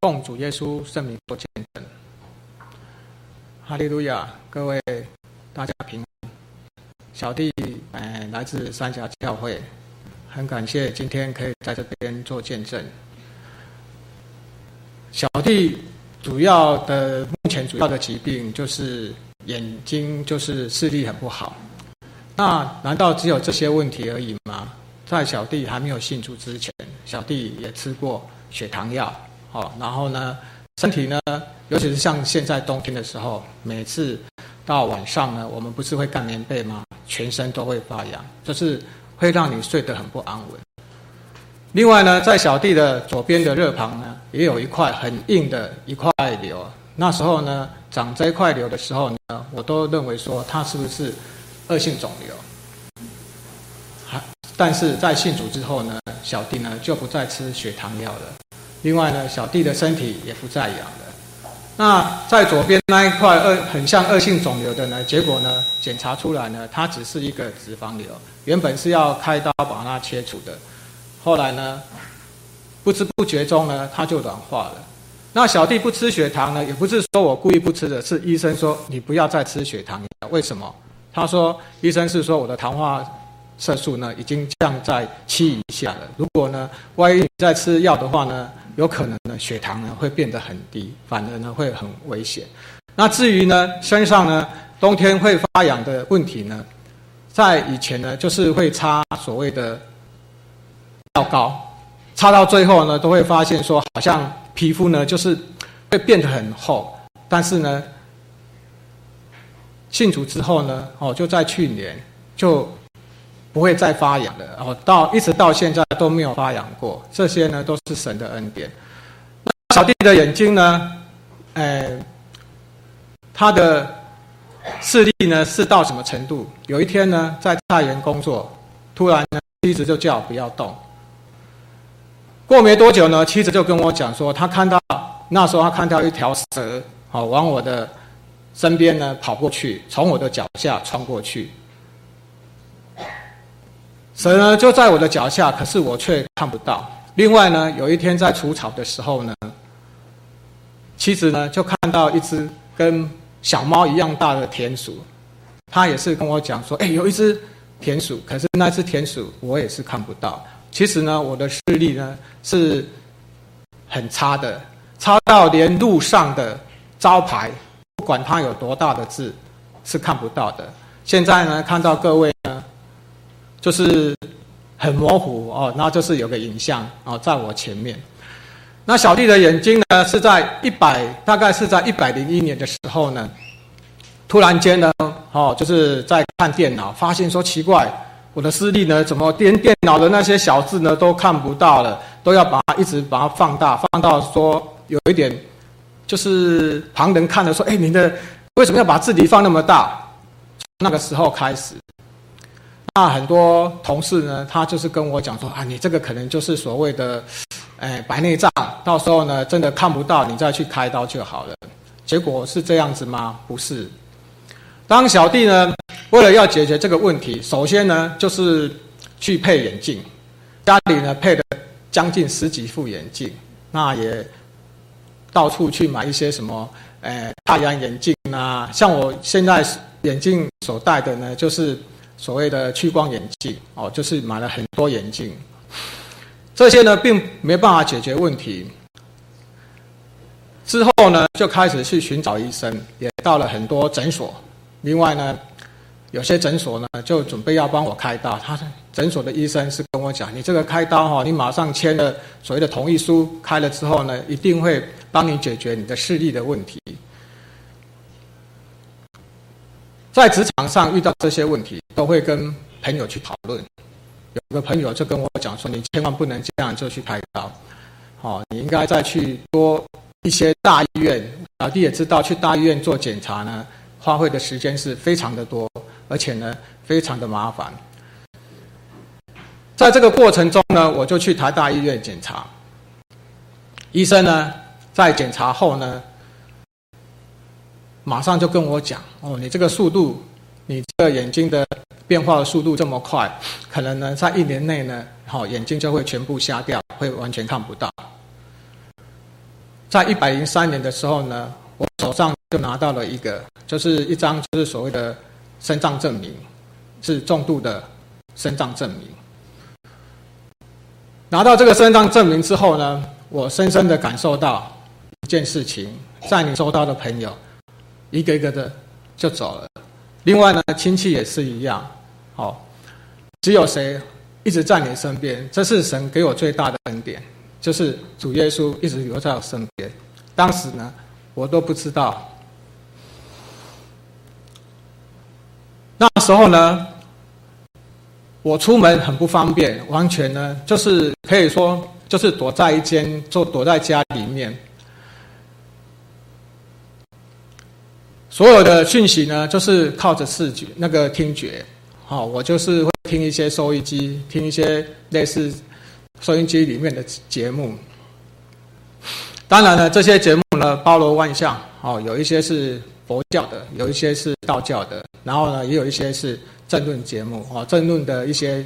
奉主耶穌聖名做見證，哈利路亞！各位，大家平安。小弟、哎、來自三峽教會，很感謝今天可以在這邊做見證。小弟主要的目前主要的疾病就是眼睛，就是視力很不好。那難道只有這些問題而已嗎？在小弟還沒有信主之前，小弟也吃過血糖藥。哦，然後呢，身體呢，尤其是像現在冬天的時候，每次到晚上呢，我們不是會蓋棉被嗎？全身都會發癢，就是會讓你睡得很不安穩。另外呢，在小弟的左邊的肋旁呢，也有一塊很硬的一塊瘤。那時候呢，長這一塊瘤的時候呢，我都認為說它是不是惡性腫瘤？還，但是在信主之後呢，小弟呢就不再吃血糖藥了。另外呢，小弟的身體也不再癢了。那在左邊那一塊惡很像惡性腫瘤的呢，結果呢，檢查出來呢，它只是一個脂肪瘤。原本是要開刀把它切除的，後來呢，不知不覺中呢，它就軟化了。那小弟不吃血糖呢，也不是說我故意不吃的，是醫生說你不要再吃血糖了。為什麼？他說醫生是說我的糖化色素呢已經降在七以下了，如果呢，萬一你再吃藥的話呢？有可能呢，血糖呢會變得很低，反而呢會很危險。那至於呢身上呢冬天會發癢的問題呢，在以前呢就是會擦所謂的藥膏，擦到最後呢都會發現說好像皮膚呢就是會變得很厚，但是呢慶祝之後呢哦就在去年就。不會再發癢的哦，到一直到現在都沒有發癢過。這些呢都是神的恩典。那小弟的眼睛呢？呃，他的視力呢是到什麼程度？有一天呢在菜園工作，突然呢妻子就叫不要動。過沒多久呢，妻子就跟我講說，他看到，那時候他看到一條蛇，好往我的身邊呢跑過去，從我的腳下穿過去。蛇呢就在我的腳下，可是我卻看不到。另外呢，有一天在除草的時候呢，妻子呢就看到一隻跟小貓一樣大的田鼠，她也是跟我講說：“哎，有一隻田鼠，可是那隻田鼠我也是看不到。”其實呢，我的視力呢是很差的，差到連路上的招牌，不管它有多大的字，是看不到的。現在呢，看到各位呢。就是很模糊哦，那就是有個影像哦，在我前面。那小弟的眼睛呢，是在一百，大概是在一百零一年的時候呢，突然間呢，哦，就是在看電腦，發現說奇怪，我的視力呢，怎麼連電腦的那些小字呢，都看不到了，都要把它一直把它放大，放到說有一點，就是旁人看了說，誒，你的為什麼要把字體放那麼大？那個時候開始。那很多同事呢，他就是跟我講說啊，你這個可能就是所謂的，誒、哎、白內障，到時候呢，真的看不到，你再去開刀就好了。結果是這樣子嗎？不是。當小弟呢，為了要解決這個問題，首先呢，就是去配眼鏡，家裡呢配了將近十幾副眼鏡，那也到處去買一些什麼，誒、哎、太陽眼鏡啊。像我現在眼鏡所戴的呢，就是。所謂的屈光眼鏡哦，就是買了很多眼鏡，這些呢並沒辦法解決問題。之後呢就開始去尋找醫生，也到了很多診所。另外呢，有些診所呢就準備要幫我開刀。他診所的醫生是跟我講：“你這個開刀哈、哦，你馬上簽了所謂的同意書，開了之後呢，一定會幫你解決你的視力的問題。”在職場上遇到這些問題，都會跟朋友去討論。有個朋友就跟我講說：“你千萬不能這樣就去開刀哦，你應該再去多一些大醫院。”老弟也知道，去大醫院做檢查呢，花費的時間是非常的多，而且呢，非常的麻煩。在這個過程中呢，我就去台大醫院檢查。醫生呢，在檢查後呢。馬上就跟我講哦，你這個速度，你這個眼睛的變化的速度這麼快，可能呢，在一年內呢，好、哦、眼睛就會全部瞎掉，會完全看不到。在一百零三年的時候呢，我手上就拿到了一個，就是一張就是所謂的身障證明，是重度的身障證明。拿到這個身障證明之後呢，我深深的感受到一件事情，在你周遭的朋友。一個一個的就走了，另外呢，親戚也是一樣，哦，只有誰一直在你身邊，這是神給我最大的恩典，就是主耶穌一直留在我身邊。當時呢，我都不知道，那時候呢，我出門很不方便，完全呢，就是可以說，就是躲在一間，就躲在家裡面。所有的訊息呢，就是靠着視覺那個聽覺，哦，我就是會聽一些收音機，聽一些類似收音機裡面的節目。當然呢，這些節目呢包羅萬象，哦，有一些是佛教的，有一些是道教的，然後呢，也有一些是政論節目，哦，政論的一些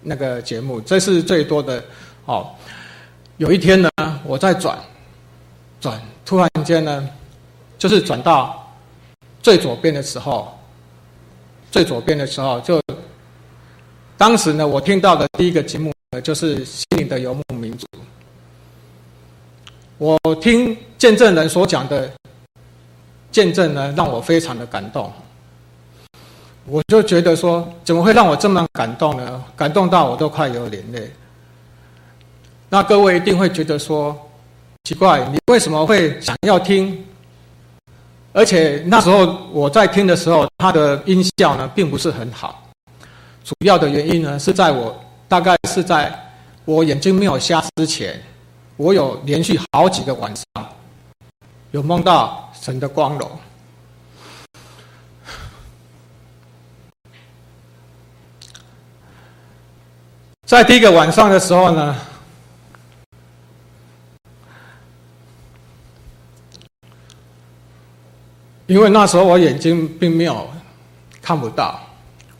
那個節目，這是最多的。哦，有一天呢，我在轉，轉，突然間呢，就是轉到。最左邊的時候，最左邊的時候，就當時呢，我聽到的第一個節目呢就是《心靈的游牧民族》。我聽見證人所講的見證呢，讓我非常的感動。我就覺得說，怎麼會讓我這麼感動呢？感動到我都快有流眼淚。那各位一定會覺得說，奇怪，你為什麼會想要聽？而且那時候我在聽的時候，它的音效呢並不是很好。主要的原因呢是在我大概是在我眼睛沒有瞎之前，我有連續好幾個晚上有夢到神的光榮。在第一個晚上的時候呢。因為那時候我眼睛並沒有看不到，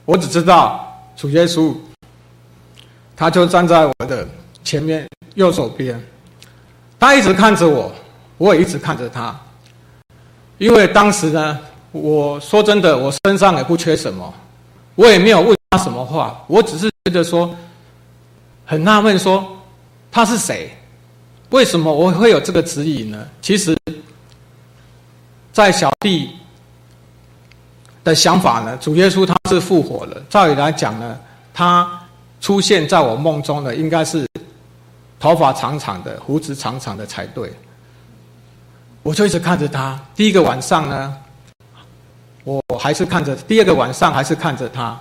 我只知道主耶穌，他就站在我的前面右手邊，他一直看着我，我也一直看着他。因為當時呢，我說真的，我身上也不缺什麼，我也沒有問他什麼話，我只是覺得說很納悶，說他是誰？為什麼我會有這個指引呢？其實。在小弟的想法呢，主耶穌他是復活了。照理來講呢，他出現在我夢中的應該是頭髮長長的、鬍子長長的才對。我就一直看着他。第一個晚上呢，我還是看着；第二個晚上還是看着他，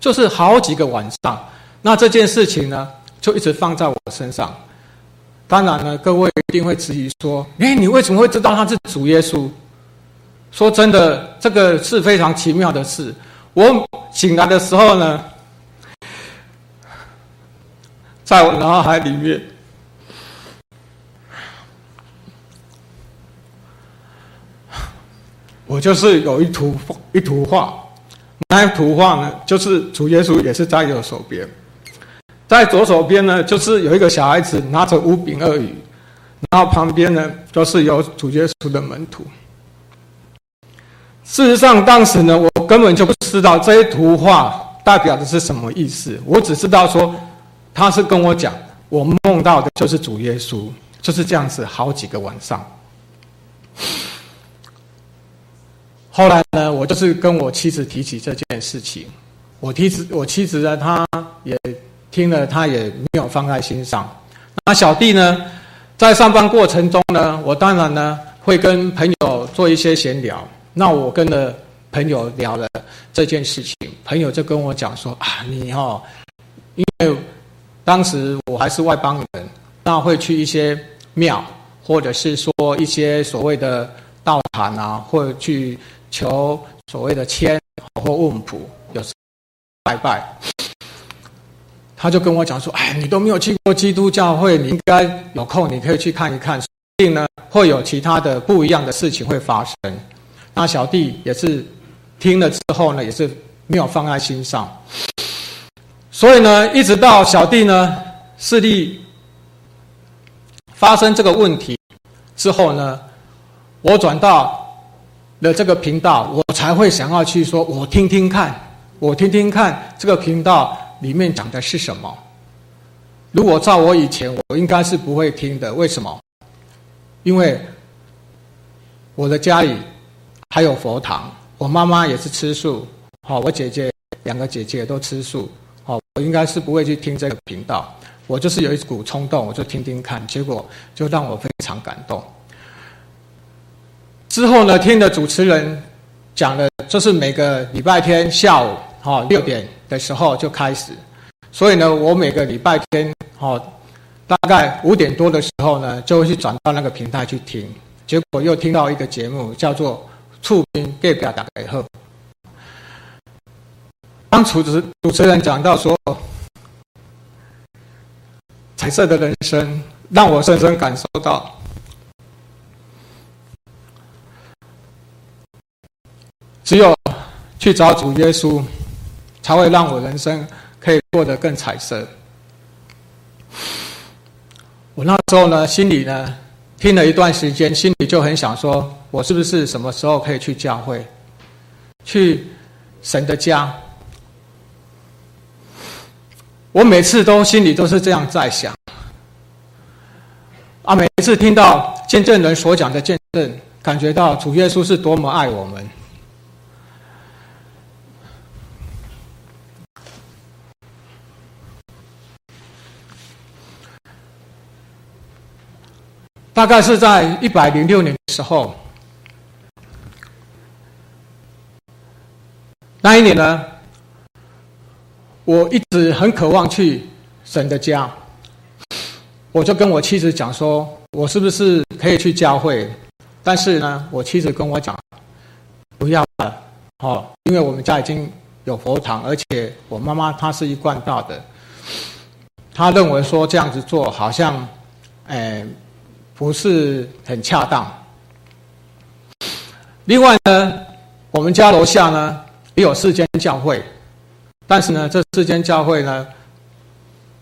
就是好幾個晚上。那這件事情呢，就一直放在我身上。當然了，各位一定會質疑說，誒，你為什麼會知道他是主耶穌？說真的，這個是非常奇妙的事。我醒來的時候呢，在我腦海裡面，我就是有一圖一圖畫，那一圖畫呢，就是主耶穌也是在右手邊，在左手邊呢，就是有一個小孩子拿着五餅二魚，然後旁邊呢，就是有主耶穌的門徒。事實上，當時呢，我根本就不知道這些圖畫代表的是什麼意思。我只知道說，他是跟我講，我夢到的就是主耶穌，就是這樣子。好幾個晚上，後來呢，我就是跟我妻子提起這件事情。我妻子，我妻子呢，她也聽了，她也沒有放在心上。那小弟呢，在上班過程中呢，我當然呢會跟朋友做一些閒聊。那我跟了朋友聊了這件事情，朋友就跟我講說啊，你哦，因為當時我還是外邦人，那會去一些廟，或者是說一些所謂的道壇啊，或者去求所謂的籤或問卜，有時候拜拜。他就跟我講說，哎，你都沒有去過基督教會，你應該有空你可以去看一看，說不定呢會有其他的不一樣的事情會發生。那小弟也是聽了之後呢，也是沒有放在心上。所以呢，一直到小弟呢視力發生這個問題之後呢，我轉到了這個頻道，我才會想要去說，我聽聽看，我聽聽看這個頻道裡面講的是什麼。如果照我以前，我應該是不會聽的。為什麼？因為我的家裡。還有佛堂，我媽媽也是吃素，好，我姐姐兩個姐姐都吃素，好，我應該是不會去聽這個頻道，我就是有一股衝動，我就聽聽看，結果就讓我非常感動。之後呢，聽的主持人講的，就是每個禮拜天下午，哈，六點的時候就開始，所以呢，我每個禮拜天，哈，大概五點多的時候呢，就會去轉到那個平台去聽，結果又聽到一個節目叫做。觸兵給表達以後，當初是主持人講到說：“彩色的人生，讓我深深感受到，只有去找主耶穌，才會讓我人生可以過得更彩色。”我那時候呢，心裡呢，聽了一段時間，心裡就很想說。我是不是什麼時候可以去教會，去神的家？我每次都心裡都是這樣在想。啊，每次聽到見證人所講的見證，感覺到主耶穌是多麼愛我們。大概是在一百零六年的時候。那一年呢，我一直很渴望去神的家，我就跟我妻子講說，我是不是可以去教會？但是呢，我妻子跟我講，不要了，哦，因為我們家已經有佛堂，而且我媽媽她是一貫道的，她認為說這樣子做好像，誒、呃，不是很恰當。另外呢，我們家樓下呢。也有世間教會，但是呢，這世間教會呢，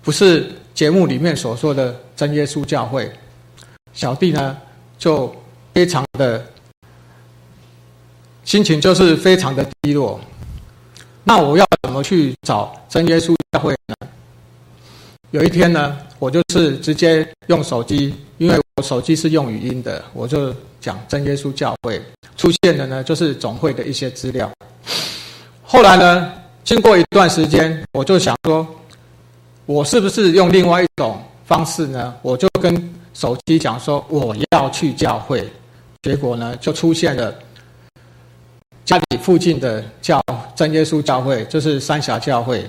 不是節目裡面所說的真耶穌教會。小弟呢，就非常的，心情就是非常的低落。那我要怎麼去找真耶穌教會呢？有一天呢，我就是直接用手機，因為我手機是用語音的，我就講真耶穌教會出現的呢，就是總會的一些資料。後來呢，經過一段時間，我就想說，我是不是用另外一種方式呢？我就跟手機講說，我要去教會。結果呢，就出現了家裡附近的叫真耶穌教會，就是三峽教會。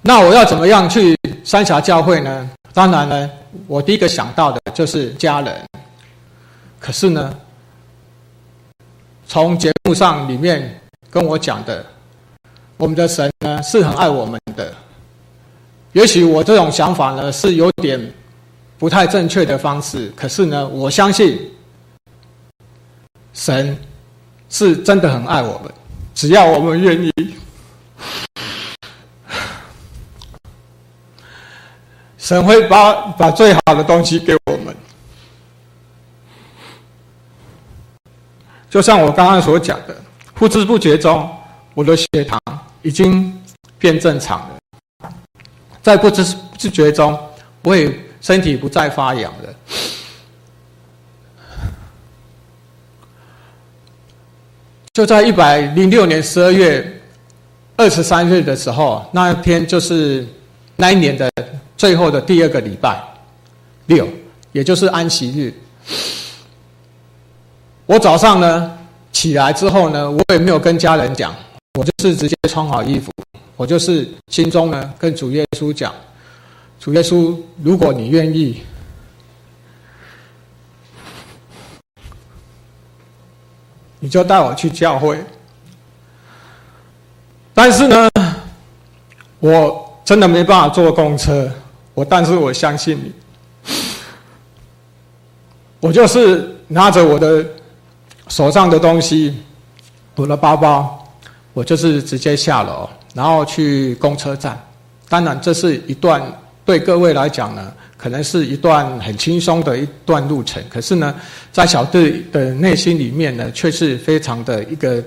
那我要怎麼樣去三峽教會呢？當然呢，我第一個想到的就是家人。可是呢，從節目上裡面跟我講的，我們的神呢，是很愛我們的。也許我這種想法呢，是有點不太正確的方式，可是呢，我相信神是真的很愛我們，只要我們願意，神會把把最好的東西給我們。就像我剛剛所講的，不知不覺中，我的血糖已經變正常了，在不知不覺中，我也身體不再發癢了。就在一百零六年十二月二十三日的時候，那天就是那一年的最後的第二個禮拜六，也就是安息日。我早上呢起來之後呢，我也沒有跟家人講，我就是直接穿好衣服，我就是心中呢跟主耶穌講，主耶穌，如果你願意，你就帶我去教會。但是呢，我真的沒辦法坐公車，我但是我相信你，我就是拿着我的。手上的東西，我的包包，我就是直接下樓，然後去公車站。當然，這是一段對各位來講呢，可能是一段很輕鬆的一段路程。可是呢，在小弟的內心裡面呢，卻是非常的一個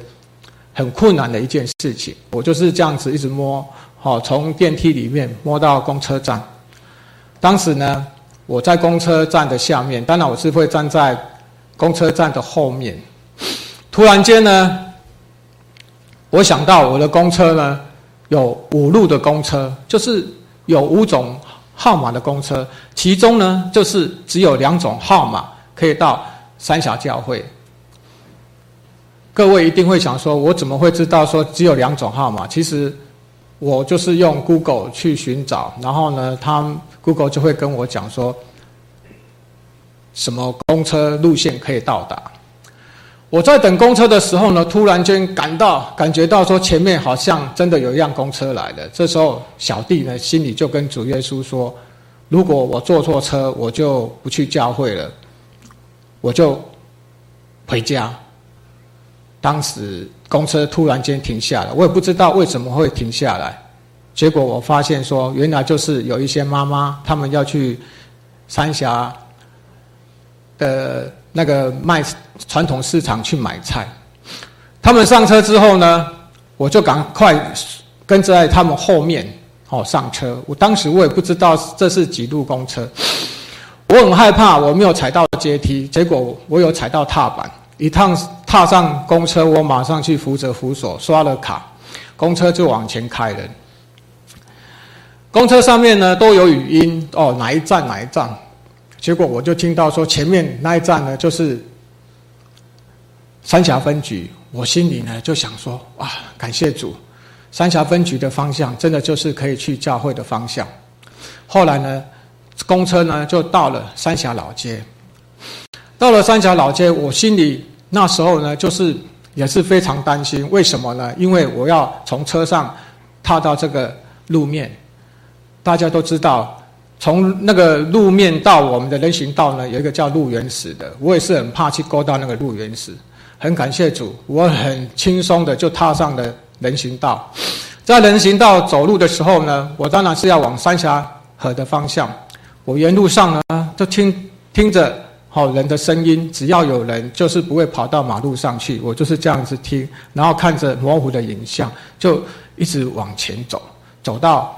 很困難的一件事情。我就是這樣子一直摸，好，從電梯裡面摸到公車站。當時呢，我在公車站的下面，當然我是會站在。公車站的後面，突然間呢，我想到我的公車呢有五路的公車，就是有五種號碼的公車，其中呢就是只有兩種號碼可以到三峽教會。各位一定會想說，我怎麼會知道說只有兩種號碼？其實我就是用 Google 去尋找，然後呢，他 Google 就會跟我講說，什麼公車路線可以到達？我在等公車的時候呢，突然間感到感覺到說前面好像真的有一輛公車來了。這時候小弟呢心裡就跟主耶穌說：“如果我坐錯車，我就不去教會了，我就回家。”當時公車突然間停下來，我也不知道為什麼會停下來。結果我發現說，原來就是有一些媽媽他們要去三峽。呃，那個賣傳統市場去買菜，他們上車之後呢，我就趕快跟在他們後面，哦，上車。我當時我也不知道這是幾路公車，我很害怕我沒有踩到階梯，結果我有踩到踏板。一趟踏上公車，我馬上去扶着扶手，刷了卡，公車就往前開了。公車上面呢都有語音，哦，哪一站，哪一站。結果我就聽到說，前面那一站呢就是三峽分局，我心裡呢就想說啊，感謝主，三峽分局的方向真的就是可以去教會的方向。後來呢，公車呢就到了三峽老街。到了三峽老街，我心裡那時候呢就是也是非常擔心。為什麼呢？因為我要從車上踏到這個路面，大家都知道。從那個路面到我們的人行道呢，有一個叫路緣石的，我也是很怕去勾到那個路緣石。很感謝主，我很輕鬆的就踏上了人行道。在人行道走路的時候呢，我當然是要往三峽河的方向。我沿路上呢，就聽聽着好人的聲音，只要有人，就是不會跑到馬路上去。我就是這樣子聽，然後看着模糊的影像，就一直往前走，走到。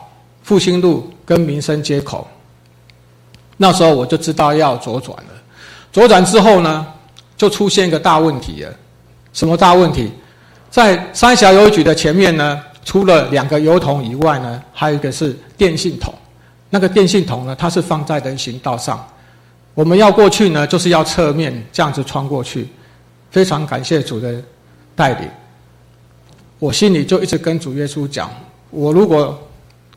復興路跟民生街口，那時候我就知道要左轉了。左轉之後呢，就出現一個大問題了。什麼大問題？在三峽郵局的前面呢，除了兩個郵筒以外呢，還有一個是電信筒。那個電信筒呢，它是放在人行道上。我們要過去呢，就是要側面這樣子穿過去。非常感謝主的帶領，我心裡就一直跟主耶穌講：我如果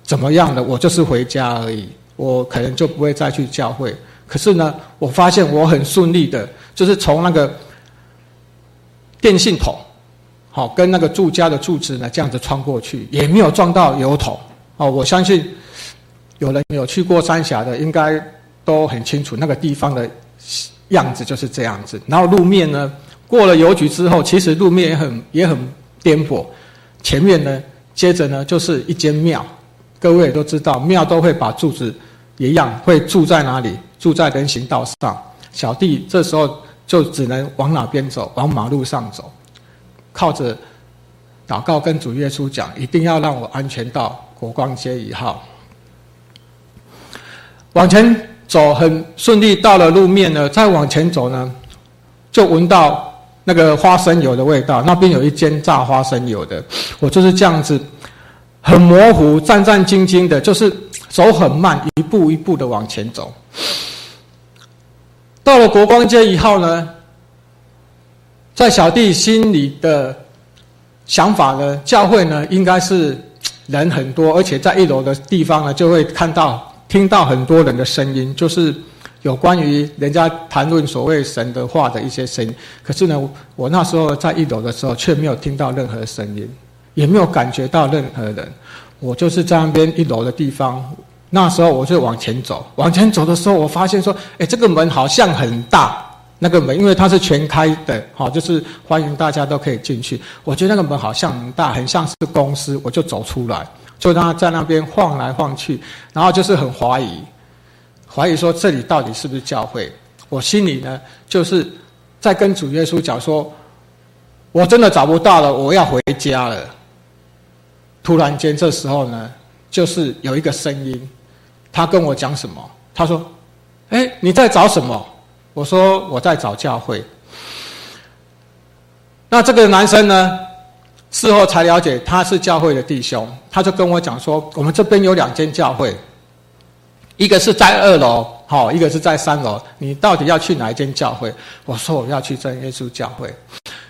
怎麼樣的？我就是回家而已，我可能就不會再去教會。可是呢，我發現我很順利的，就是從那個電信筒，好、哦、跟那個住家的住址呢，這樣子穿過去，也沒有撞到油桶。哦，我相信有人有去過三峽的，應該都很清楚那個地方的樣子就是這樣子。然後路面呢，過了郵局之後，其實路面也很也很顛簸。前面呢，接着呢就是一間廟。各位都知道，廟都會把柱子一樣會柱在哪裡？柱在人行道上。小弟這時候就只能往哪邊走？往馬路上走，靠着禱告跟主耶穌講，一定要讓我安全到國光街一號。往前走很順利，到了路面呢，再往前走呢，就聞到那個花生油的味道。那邊有一間榨花生油的，我就是這樣子。很模糊、戰戰兢兢的，就是走很慢，一步一步的往前走。到了國光街以後呢，在小弟心裡的想法呢，教會呢應該是人很多，而且在一樓的地方呢，就會看到、聽到很多人的聲音，就是有關於人家談論所謂神的話的一些聲音。可是呢，我那時候在一樓的時候，卻沒有聽到任何聲音。也沒有感覺到任何人，我就是在那邊一樓的地方。那時候我就往前走，往前走的時候，我發現說：“哎，這個門好像很大，那個門，因為它是全開的，好，就是歡迎大家都可以進去。”我覺得那個門好像很大，很像是公司。我就走出來，就讓它在那邊晃來晃去，然後就是很懷疑，懷疑說這裡到底是不是教會？我心裡呢，就是在跟主耶穌講說：“我真的找不到了，我要回家了。”突然間，這時候呢，就是有一個聲音，他跟我講什麼？他說：“哎，你在找什麼？”我說：“我在找教會。”那這個男生呢，事後才了解他是教會的弟兄，他就跟我講說：“我們這邊有兩間教會，一個是在二樓，好，一個是在三樓。你到底要去哪一間教會？”我說：“我要去真耶穌教會。”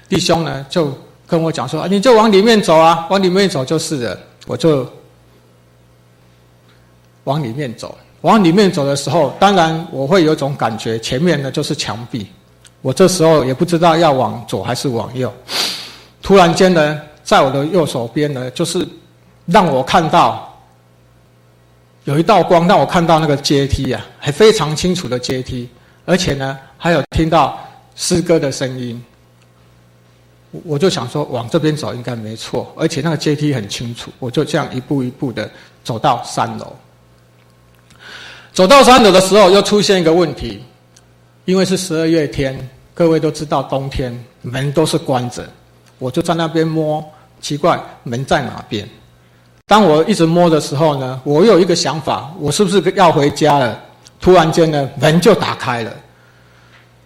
弟兄呢，就。跟我講說啊，你就往裡面走啊，往裡面走就是了。我就往裡面走。往裡面走的時候，當然我會有種感覺，前面呢就是牆壁。我這時候也不知道要往左還是往右。突然間呢，在我的右手邊呢，就是讓我看到有一道光，讓我看到那個階梯啊，還非常清楚的階梯，而且呢，還有聽到詩歌的聲音。我就想說，往這邊走應該沒錯，而且那個階梯很清楚，我就這樣一步一步的走到三樓。走到三樓的時候，又出現一個問題，因為是十二月天，各位都知道冬天門都是關着。我就在那邊摸，奇怪門在哪邊？當我一直摸的時候呢，我有一個想法，我是不是要回家了？突然間呢，門就打開了。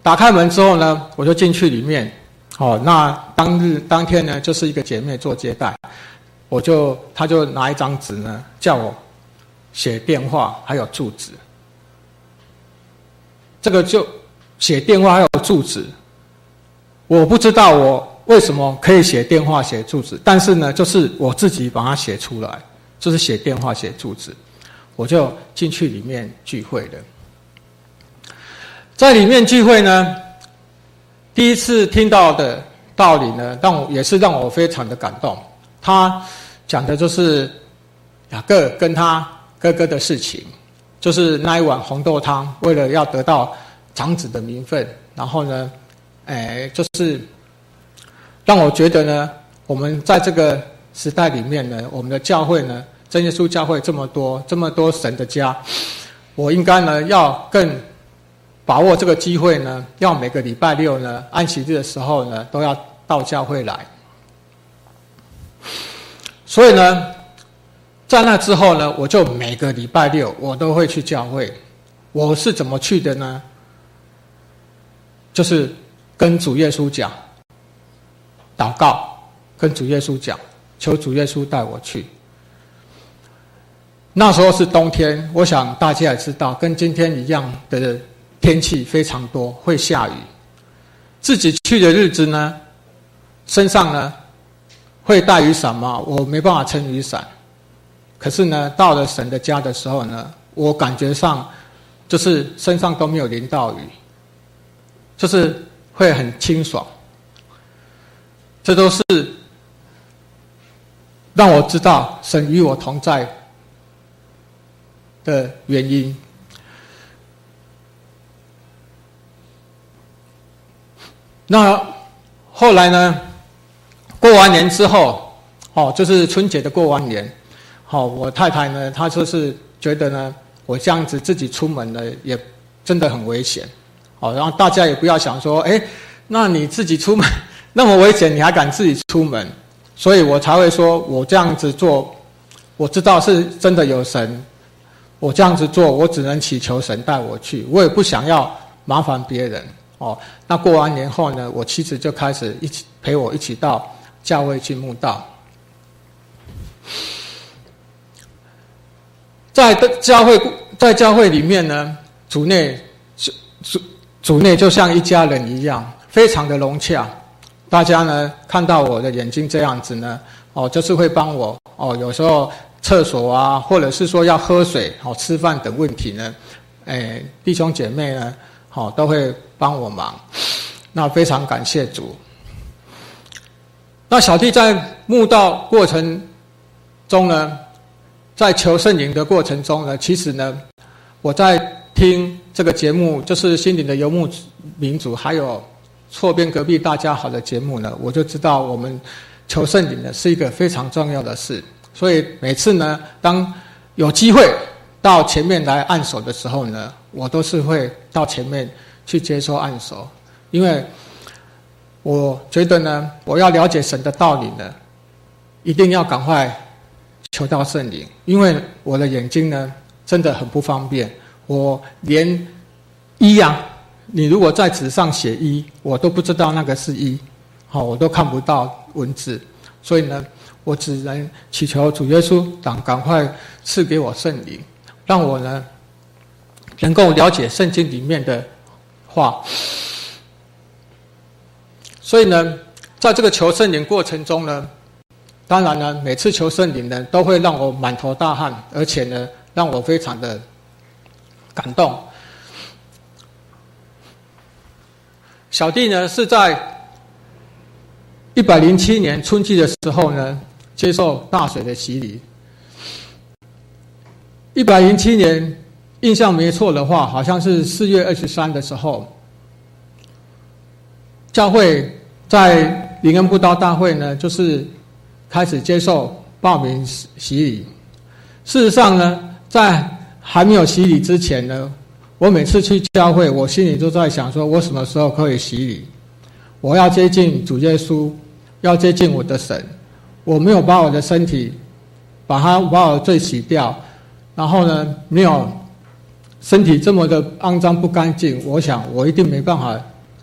打開門之後呢，我就進去裡面。哦，那當日當天呢，就是一個姐妹做接待，我就她就拿一張紙呢，叫我寫電話還有住址。這個就寫電話還有住址，我不知道我為什麼可以寫電話寫住址，但是呢，就是我自己把它寫出來，就是寫電話寫住址，我就進去裡面聚會了，在裡面聚會呢。第一次聽到的道理呢，讓我也是讓我非常的感動。他講的就是雅各跟他哥哥的事情，就是那一碗紅豆湯，為了要得到長子的名分，然後呢，哎，就是讓我覺得呢，我們在這個時代裡面呢，我們的教會呢，真耶穌教會這麼多，這麼多神的家，我應該呢要更。把握這個機會呢，要每個禮拜六呢，安息日的時候呢，都要到教會來。所以呢，在那之後呢，我就每個禮拜六我都會去教會。我是怎麼去的呢？就是跟主耶穌講禱告，跟主耶穌講，求主耶穌帶我去。那時候是冬天，我想大家也知道，跟今天一樣的。天氣非常多，會下雨。自己去的日子呢，身上呢，會帶雨傘嗎？我沒辦法撐雨傘。可是呢，到了神的家的時候呢，我感覺上，就是身上都沒有淋到雨，就是會很清爽。這都是讓我知道神與我同在的原因。那後來呢？過完年之後，哦，就是春節的過完年，好、哦，我太太呢，她就是覺得呢，我這樣子自己出門呢，也真的很危險，好、哦，然後大家也不要想說，哎，那你自己出門那麼危險，你還敢自己出門？所以我才會說我這樣子做，我知道是真的有神，我這樣子做，我只能祈求神帶我去，我也不想要麻煩別人。哦，那過完年後呢，我妻子就開始一起陪我一起到教會去慕道。在的教會，在教會裡面呢，主內就主主內就像一家人一樣，非常的融洽。大家呢，看到我的眼睛這樣子呢，哦，就是會幫我哦。有時候廁所啊，或者是說要喝水、哦吃飯等問題呢，哎，弟兄姐妹呢。哦，都會幫我忙，那非常感謝主。那小弟在慕道過程中呢，在求聖靈的過程中呢，其實呢，我在聽這個節目，就是《心靈的遊牧民族》，還有《厝邊隔壁大家好》的節目呢，我就知道我們求聖靈呢是一個非常重要的事，所以每次呢，當有機會到前面來按手的時候呢。我都是會到前面去接受按手，因為我覺得呢，我要了解神的道理呢，一定要趕快求到聖靈，因為我的眼睛呢真的很不方便，我連一呀，你如果在紙上寫一，我都不知道那個是一，好，我都看不到文字，所以呢，我只能祈求主耶穌，趕快賜給我聖靈，讓我呢。能夠了解聖經裡面的話，所以呢，在這個求聖靈過程中呢，當然呢，每次求聖靈呢，都會讓我滿頭大汗，而且呢，讓我非常的感動。小弟呢，是在一百零七年春季的時候呢，接受大水的洗禮。一百零七年，印象沒錯的話，好像是四月二十三的時候，教會在靈恩布道大會呢，就是開始接受報名洗洗禮。事實上呢，在還沒有洗禮之前呢，我每次去教會，我心裡都在想說我什麼時候可以洗禮？我要接近主耶穌，要接近我的神。我沒有把我的身體，把它把我的罪洗掉，然後呢，沒有。身體這麼的骯髒不乾淨，我想我一定沒辦法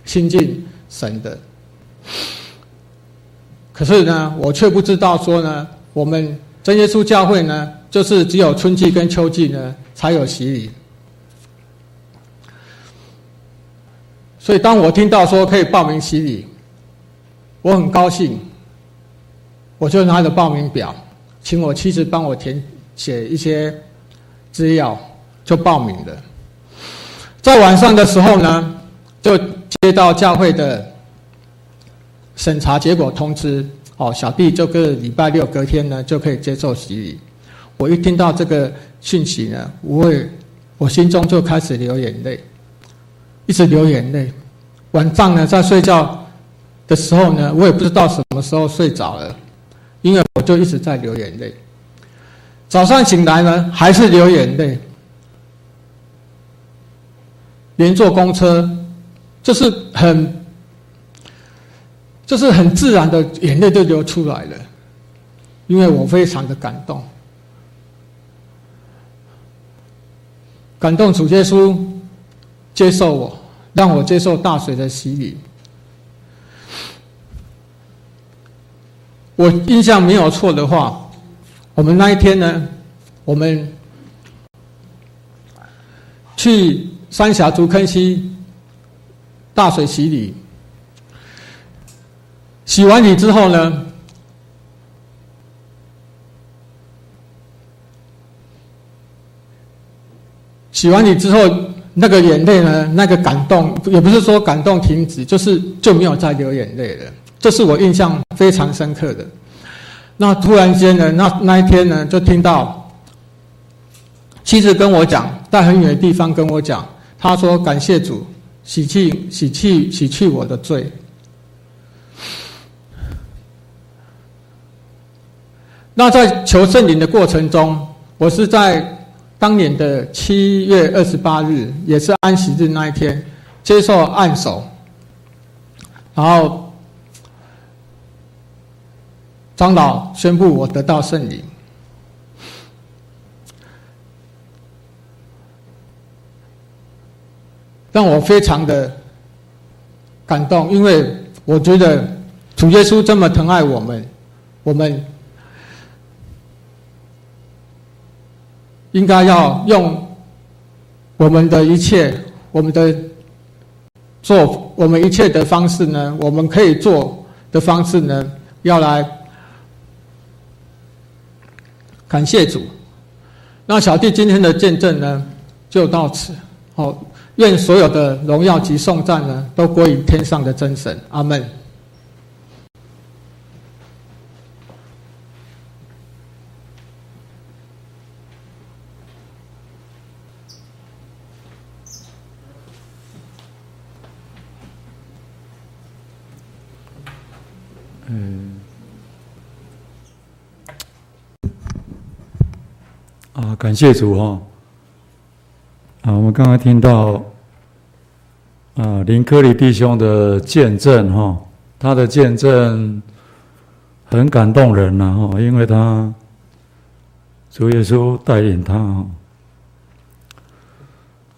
親近神的。可是呢，我卻不知道說呢，我們真耶穌教會呢，就是只有春季跟秋季呢才有洗禮。所以，當我聽到說可以報名洗禮，我很高興，我就拿着報名表，請我妻子幫我填寫一些資料。就報名了，在晚上的時候呢，就接到教會的審查結果通知。哦，小弟這個禮拜六隔天呢就可以接受洗禮。我一聽到這個訊息呢，我也我心中就開始流眼淚，一直流眼淚。晚上呢，在睡覺的時候呢，我也不知道什麼時候睡着了，因為我就一直在流眼淚。早上醒來呢，還是流眼淚。連坐公車，這是很，這是很自然的眼淚就流出來了，因為我非常的感動，感動主耶穌接受我，讓我接受大水的洗禮。我印象沒有錯的話，我們那一天呢，我們去。三峽竹坑溪，大水洗禮，洗完禮之後呢，洗完禮之後，那個眼淚呢，那個感動，也不是說感動停止，就是就沒有再流眼淚了。這是我印象非常深刻的。那突然間呢，那那一天呢，就聽到妻子跟我講，在很遠的地方跟我講。他說：“感謝主洗，洗去洗去洗去我的罪。”那在求聖靈的過程中，我是在當年的七月二十八日，也是安息日那一天，接受按手，然後長老宣布我得到聖靈。讓我非常的感動，因為我覺得主耶穌這麼疼愛我們，我們應該要用我們的一切、我們的做我們一切的方式呢，我們可以做的方式呢，要來感謝主。那小弟今天的見證呢，就到此。好、哦。願所有的榮耀及頌讚呢，都歸於天上的真神。阿門。嗯。啊，感謝主哈、哦。好，我們剛剛聽到，啊、呃，林科里弟兄的見證，哈、哦，他的見證很感動人、啊，吶，哈，因為他主耶穌帶領他，哦、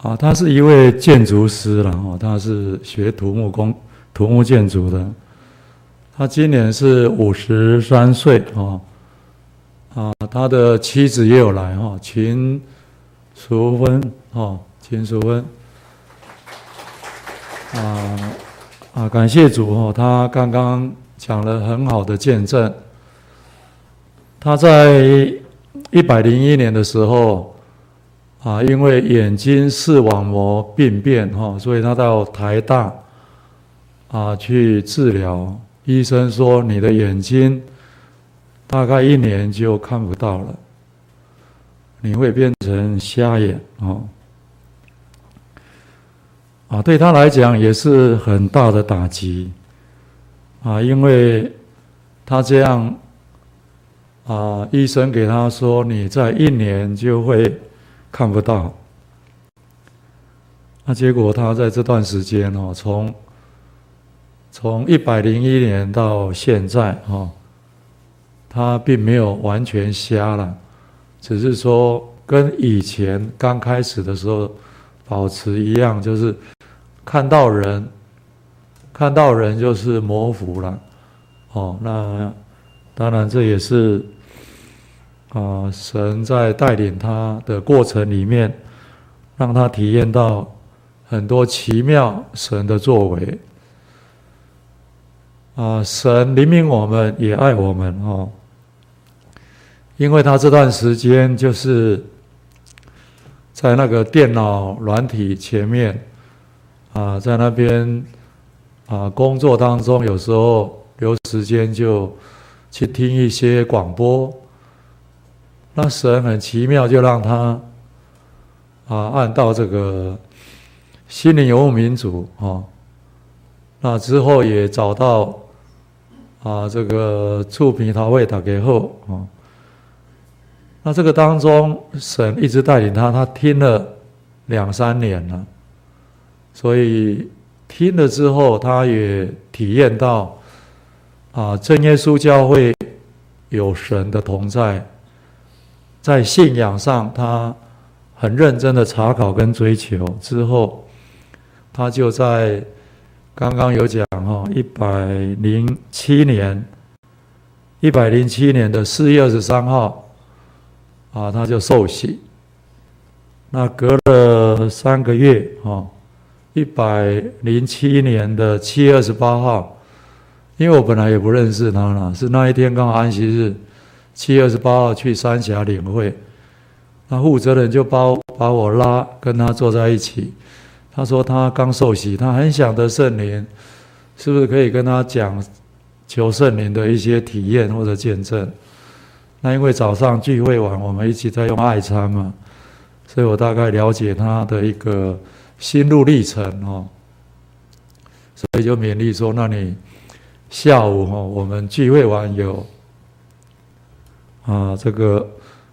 啊，他是一位建築師了，哈、哦，他是學土木工、土木建築的，他今年是五十三歲，哈、哦，啊，他的妻子也有來，哈、哦，秦淑芬。哦，秦淑芬。啊啊，感謝主哦，他剛剛講了很好的見證。他在一百零一年的時候，啊，因為眼睛視網膜病變哈、哦，所以他到台大啊去治療。醫生說：“你的眼睛大概一年就看不到了，你會變成瞎眼哦。”啊，對他來講也是很大的打擊啊，因為他這樣啊，醫生給他說你再一年就會看不到，那、啊、結果他在這段時間哦，從從一百零一年到現在哦，他並沒有完全瞎了，只是說跟以前剛開始的時候保持一樣，就是。看到人，看到人就是模糊了，哦，那當然這也是啊、呃，神在帶領他的過程裡面，讓他體驗到很多奇妙神的作為啊、呃，神憐憫我們也愛我們哦，因為他這段時間就是在那個電腦軟體前面。啊，在那邊啊工作當中，有時候留時間就去聽一些廣播。那神很奇妙，就讓他啊按到這個心靈油民主啊。那之後也找到啊這個觸屏他會打給後啊。那這個當中，神一直帶領他，他聽了兩三年了。所以聽了之後，他也體驗到，啊，真耶穌教會有神的同在，在信仰上他很認真的查考跟追求。之後，他就在剛剛有講哈，一百零七年，一百零七年的四月二十三號，啊，他就受洗。那隔了三個月哈、啊。一百零七年的七月二十八號，因為我本來也不認識他了，是那一天剛好安息日，七月二十八號去三峽領會，那負責人就把我，把我拉跟他坐在一起，他說他剛受洗，他很想得聖靈，是不是可以跟他講求聖靈的一些體驗或者見證？那因為早上聚會完，我們一起在用愛餐嘛，所以我大概了解他的一個。心路歷程哦，所以就勉勵說：“那你下午哈、哦，我們聚會完以後啊，這個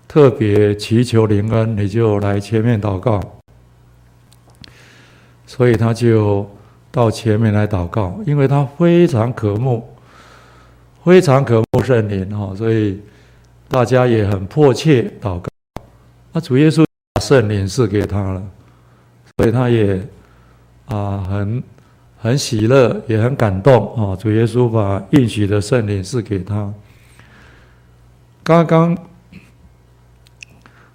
特別祈求靈恩，你就來前面禱告。”所以他就到前面來禱告，因為他非常渴慕，非常渴慕聖靈哦，所以大家也很迫切禱告。那主耶穌把聖靈賜給他了。所以他也啊、呃，很很喜樂，也很感動啊、哦。主耶穌把應許的聖靈賜給他。剛剛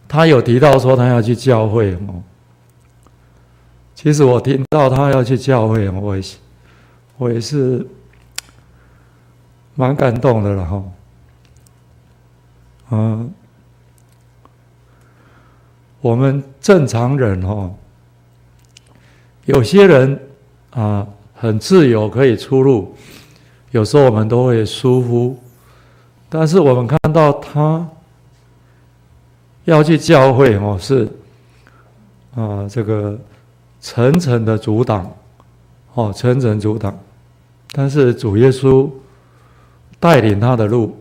他有提到說他要去教會哦。其實我聽到他要去教會我也我我也是蠻感動的了哈、哦。嗯，我們正常人哦。有些人啊、呃，很自由，可以出入。有時候我們都會疏忽，但是我們看到他要去教會哦，是啊、呃，這個層層的阻擋哦，層層阻擋。但是主耶穌帶領他的路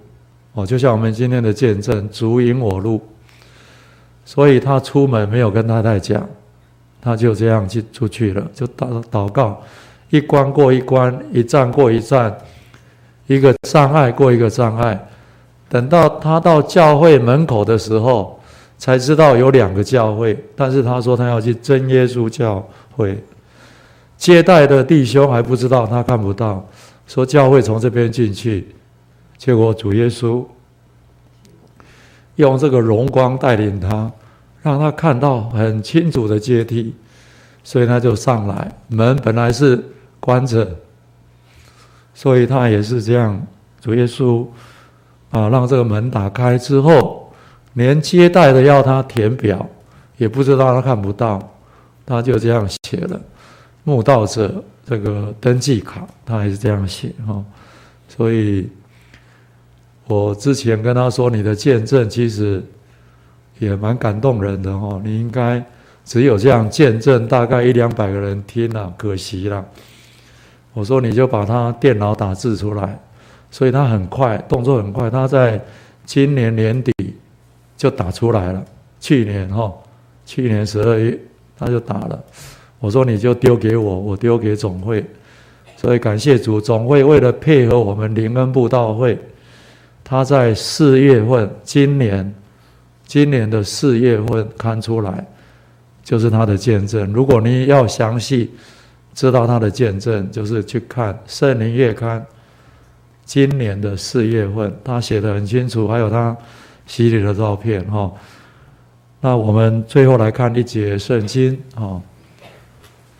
哦，就像我們今天的見證，主引我路，所以他出門沒有跟太太講。他就這樣去出去了，就禱禱告，一關過一關，一站過一站，一個障礙過一個障礙。等到他到教會門口的時候，才知道有兩個教會，但是他說他要去真耶穌教會。接待的弟兄還不知道，他看不到，說教會從這邊進去，結果主耶穌用這個榮光帶領他。讓他看到很清楚的階梯，所以他就上來。門本來是關着，所以他也是這樣。主耶穌啊，讓這個門打開之後，連接待的要他填表，也不知道他看不到，他就這樣寫了。慕道者這個登記卡，他還是這樣寫啊、哦。所以，我之前跟他說，你的見證其實。也蠻感動人的吼、哦，你應該只有這樣見證，大概一兩百個人聽了，可惜啦。我說你就把他電腦打字出來，所以他很快，動作很快，他在今年年底就打出來了。去年哈、哦，去年十二月他就打了。我說你就丟給我，我丟給總會。所以感謝主，總會為了配合我們靈恩布道會，他在四月份，今年。今年的四月份刊出來，就是他的見證。如果你要詳細知道他的見證，就是去看《聖靈月刊》今年的四月份，他寫的很清楚，還有他洗禮的照片哈。那我們最後來看一節聖經哈，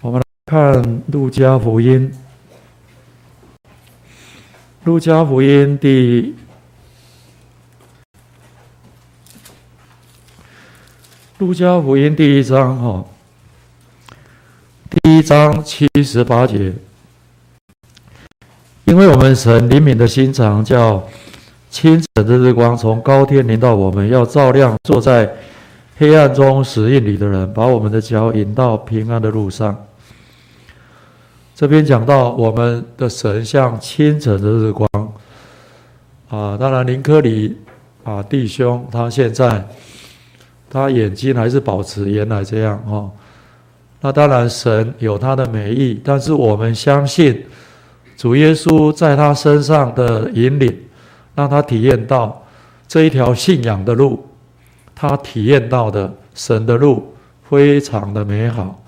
我們來看路《路加福音》，《路加福音》第。路加福音第一章，哈，第一章七十八節。因為我們神憐憫的心腸，叫清晨的日光從高天臨到我們，要照亮坐在黑暗中死蔭裡的人，把我們的腳引到平安的路上。這邊講到我們的神像清晨的日光，啊，當然林科里啊弟兄，他現在。他眼睛還是保持原來這樣哦，那當然神有他的美意，但是我們相信主耶穌在他身上的引領，讓他體驗到這一條信仰的路，他體驗到的神的路非常的美好。